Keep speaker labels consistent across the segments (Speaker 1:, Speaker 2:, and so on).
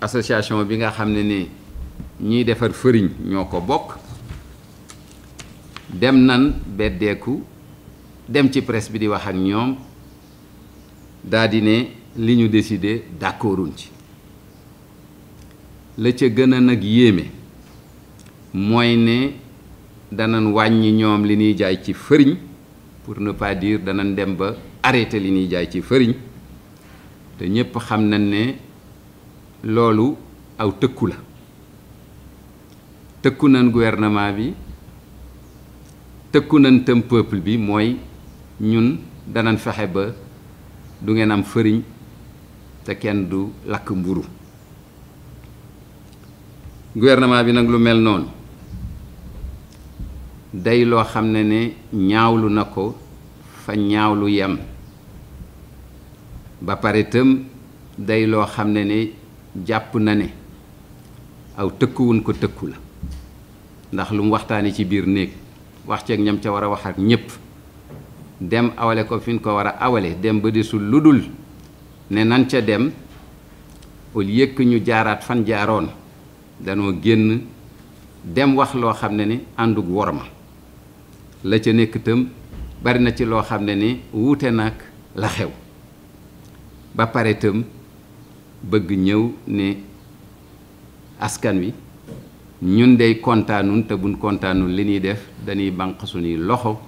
Speaker 1: association bi nga xam ne ni ñiy defar fëriñ ñoo ko bokk dem nan beddeeku dem ci presse bi di wax ak ñoom daldi ne li ñu décidé d'accorduñ ci la ca gën a nag yéeme mooy ne danañ wàññi ñoom li ñuy jaay ci fëriñ pour ne pas dire danañ dem ba arrêté li ñuy jaay ci fëriñ te ñépp xam nañ ne loolu aw tëkku la tëkku nañ gouvernement bi tëkku nañ tam bi mooy ñun danañ fexe ba du ngeen am fëriñ te kenn du lakk mburu gouvernement bi nag lu mel noonu day loo xam ne ne ñaawlu na ko fa ñaawlu yem ba pare tëm day loo xam ne ne jàpp na ne aw tëkkuwun ko tëkku la ndax lu mu waxtaanee ci biir néeg wax ceeg ñam ca war a wax ak ñépp dem awale ko fi ko war a awale dem ba desul lu dul ne nan ca dem au lieu ñu jaaraat fan jaaroon danoo génn dem wax loo xam ne ni àndug worma la ca nekk itam bari na ci loo xam ne ni wuute nag la xew ba pare itam bëgg ñëw ne askan wi ñun day kontaanun te buñ kontaanun li ñuy def dañuy bànq suñuy loxo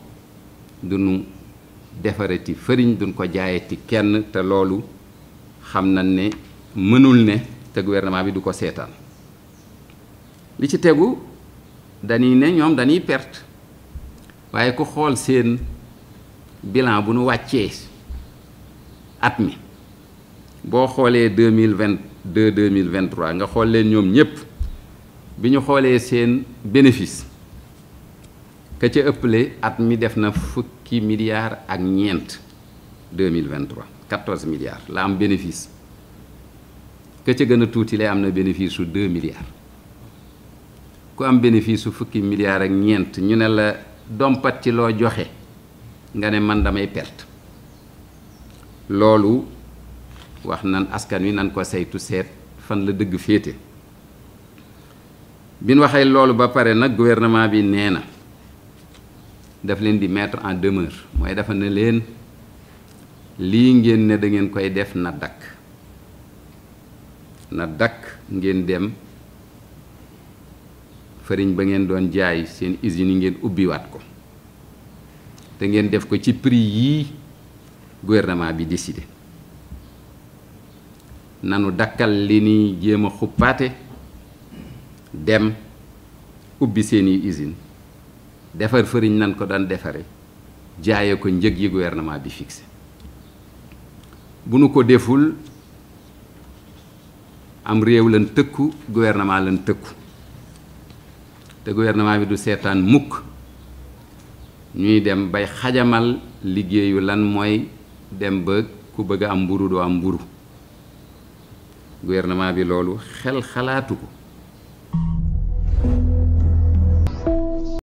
Speaker 1: duñu defarati fëriñ duñ ko jaayati kenn te loolu xam nañ ne mënul ne te gouvernement bi du ko seetaan li ci tegu dañuy ne ñoom dañuy perte waaye ku xool seen bilan bu nu wàccee at mi Si vous deux mille nga xolé bénéfice at mi def na milliards ak ñeent deux mille milliards la am bénéfice que 2 a lay am na bénéfice su milliards ku am bénéfice su fukki milliards ak ñent ñu ne la ci ne perte wax nan askan wi nan ko saytu seet fan la dëgg féete bi waxee loolu ba pare nag gouvernement bi nee na daf leen di mettre en demeure mooy dafa ne leen lii ngeen ne da ngeen koy def na dakk na dakk ngeen dem fariñ ba ngeen doon jaay seen usines yi ngeen ubbiwaat ko te ngeen def ko ci prix yii gouvernement bi décidé nanu dakkal li ni jéem a xuppaate dem ubbi seeni usine defar fëriñ nan ko daan defare jaaye ko njëg yi gouvernement bi fixé bu nu ko deful am réew lan tëkku gouvernement lan tëkku te gouvernement bi du seetaan mukk ñuy dem bay xajamal liggéeyu lan mooy dem ba ku bëgg am mburu doo am mburu gouvernement bi loolu xel xalaatu ko